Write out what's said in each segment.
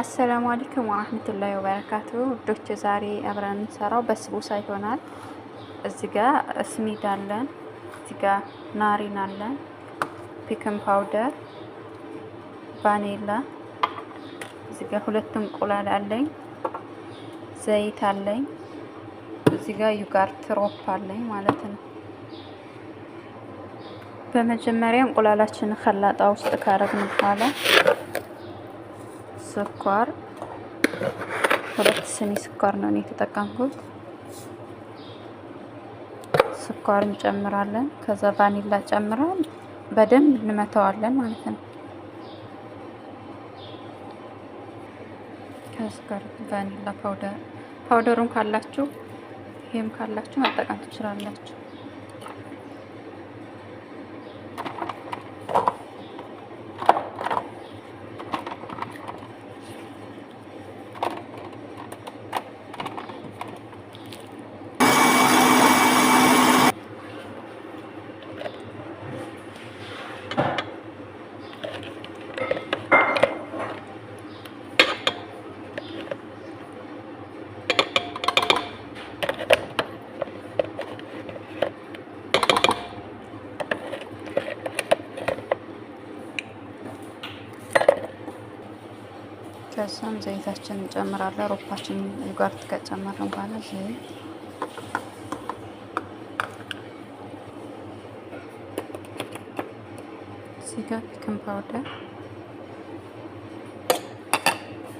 አሰላሙ አለይኩም ወራህመቱላሂ ወበረካቱ ውዶች፣ ዛሬ አብረን እንሰራው በስቡሳ ይሆናል። እዚህ ጋር እስሚድ አለን፣ እዚህ ጋር ናሪን አለን፣ ፒክን ፓውደር፣ ቫኔላ እዚህ ጋር ሁለት እንቁላል አለኝ፣ ዘይት አለኝ፣ እዚህ ጋር ዩጋርት ሮፕ አለኝ ማለት ነው። በመጀመሪያ እንቁላላችንን ከላጣ ውስጥ ካረግን በኋላ ስኳር ሁለት ስኒ ስኳር ነው እኔ የተጠቀምኩት። ስኳር እንጨምራለን። ከዛ ቫኒላ ጨምረን በደንብ እንመተዋለን ማለት ነው። ከስኳር ቫኒላ ፓውደር ፓውደሩን ካላችሁ ይህም ካላችሁ መጠቀም ትችላላችሁ። ከዛም ዘይታችን እንጨምራለን። ሮፓችን ጓርት ከጨመርን በኋላ ዘይት እዚህ ቤኪንግ ፓውደር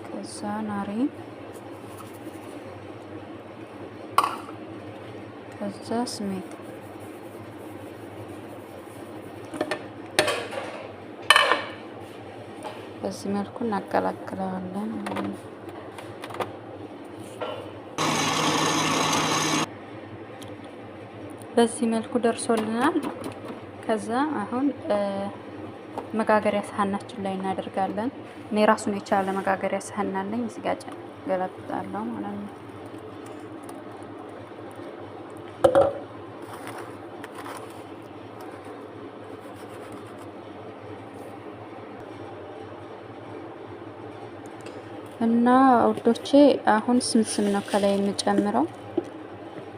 ከዛ ናሪ ከዛ ስሜት በዚህ መልኩ እናቀላቅለዋለን። በዚህ መልኩ ደርሶልናል። ከዛ አሁን መጋገሪያ ሳህናችን ላይ እናደርጋለን። እኔ ራሱን የቻለ መጋገሪያ ሳህን አለኝ። እዚህ ገለብጣለሁ ማለት ነው። እና ውዶቼ አሁን ስምስም ነው ከላይ የምጨምረው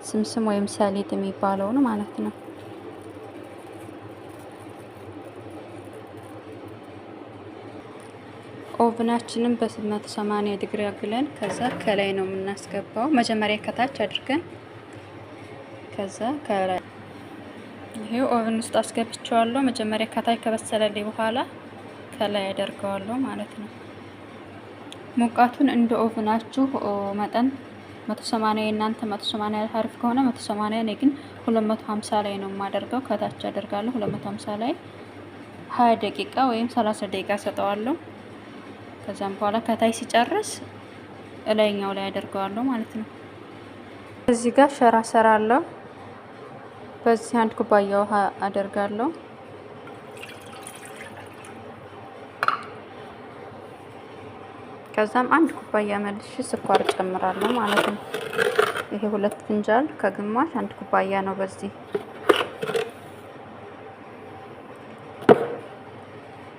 ስምስም ወይም ሰሊጥ የሚባለውን ማለት ነው። ኦቭናችንን በ ሰማንያ ዲግሪ አግለን ከዛ ከላይ ነው የምናስገባው። መጀመሪያ ከታች አድርገን ከዛ ከላይ ይሄ ኦቭን ውስጥ አስገብቼዋለሁ። መጀመሪያ ከታች ከበሰለልኝ በኋላ ከላይ አደርገዋለሁ ማለት ነው። ሙቀቱን እንደ ኦቭናችሁ መጠን 180 የእናንተ 180 አሪፍ ከሆነ 180 እኔ ግን 250 ላይ ነው የማደርገው። ከታች አደርጋለሁ 250 ላይ 20 ደቂቃ ወይም 30 ደቂቃ ሰጠዋለሁ። ከዛም በኋላ ከታይ ሲጨርስ እላይኛው ላይ አደርገዋለሁ ማለት ነው። እዚህ ጋር ሸራ ሰራለሁ። በዚህ አንድ ኩባያ ውሃ አደርጋለሁ። ከዛም አንድ ኩባያ መልሽ ስኳር ጨምራለሁ ማለት ነው። ይሄ ሁለት ፍንጃል ከግማሽ አንድ ኩባያ ነው። በዚህ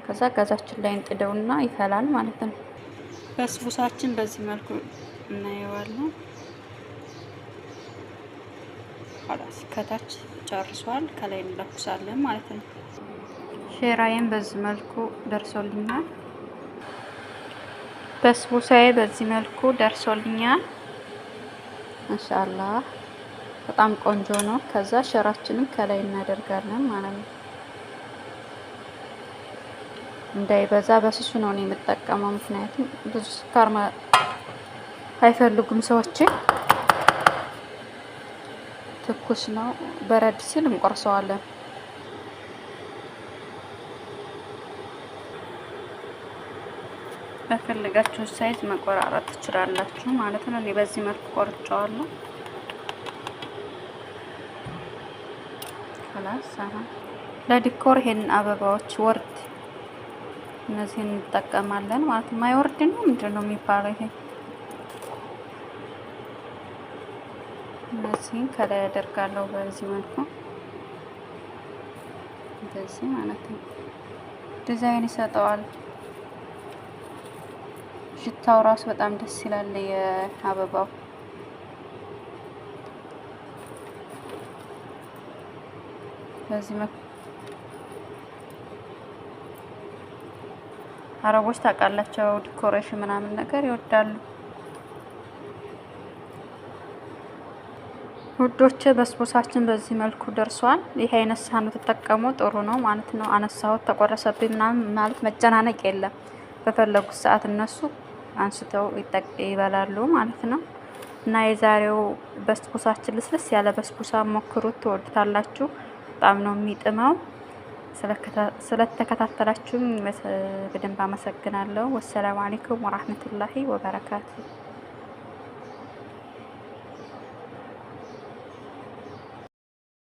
ከዛ ጋዛችን ላይ እንጥደውና ይፈላል ማለት ነው። በስቡሳችን በዚህ መልኩ እናየዋለን። ላስ ከታች ጨርሷል፣ ከላይ እንለኩሳለን ማለት ነው። ሼራዬን በዚህ መልኩ ደርሶልኛል። በስቡሳዬ በዚህ መልኩ ደርሶልኛል። እንሻአላህ በጣም ቆንጆ ነው። ከዛ ሸራችንም ከላይ እናደርጋለን ማለት ነው። እንዳይበዛ በስሱ ነው የምጠቀመው፣ ምክንያቱም ብዙ ስኳር አይፈልጉም ሰዎች። ትኩስ ነው፣ በረድ ሲል እንቆርሰዋለን። በፈለጋችሁ ሳይዝ መቆራረጥ ትችላላችሁ ማለት ነው። እኔ በዚህ መልኩ ቆርጫዋለሁ። ለዲኮር ይሄን አበባዎች ወርድ እነዚህን እንጠቀማለን ማለት ነው። ማይወርድ ነው ምንድን ነው የሚባለው? ይሄ እነዚህን ከላይ ያደርጋለሁ በዚህ መልኩ እንደዚህ ማለት ነው። ዲዛይን ይሰጠዋል። ሽታው ራሱ በጣም ደስ ይላል የአበባው። በዚህ አረቦች ታውቃላቸው ዲኮሬሽን ምናምን ነገር ይወዳሉ። ውዶች በስቡሳችን በዚህ መልኩ ደርሷል። ይህ አይነት ሳህን ተጠቀሙ፣ ጥሩ ነው ማለት ነው። አነሳሁት ተቆረሰብኝ ምናምን ማለት መጨናነቅ የለም። በፈለጉት ሰዓት እነሱ አንስተው ይበላሉ ማለት ነው። እና የዛሬው በስኩሳችን ልስልስ ያለ በስኩሳ ሞክሩት፣ ትወዱታላችሁ። በጣም ነው የሚጥመው። ስለተከታተላችሁም በደንብ አመሰግናለሁ። ወሰላሙ አሌይኩም ወራህመቱላሂ ወበረካቱ።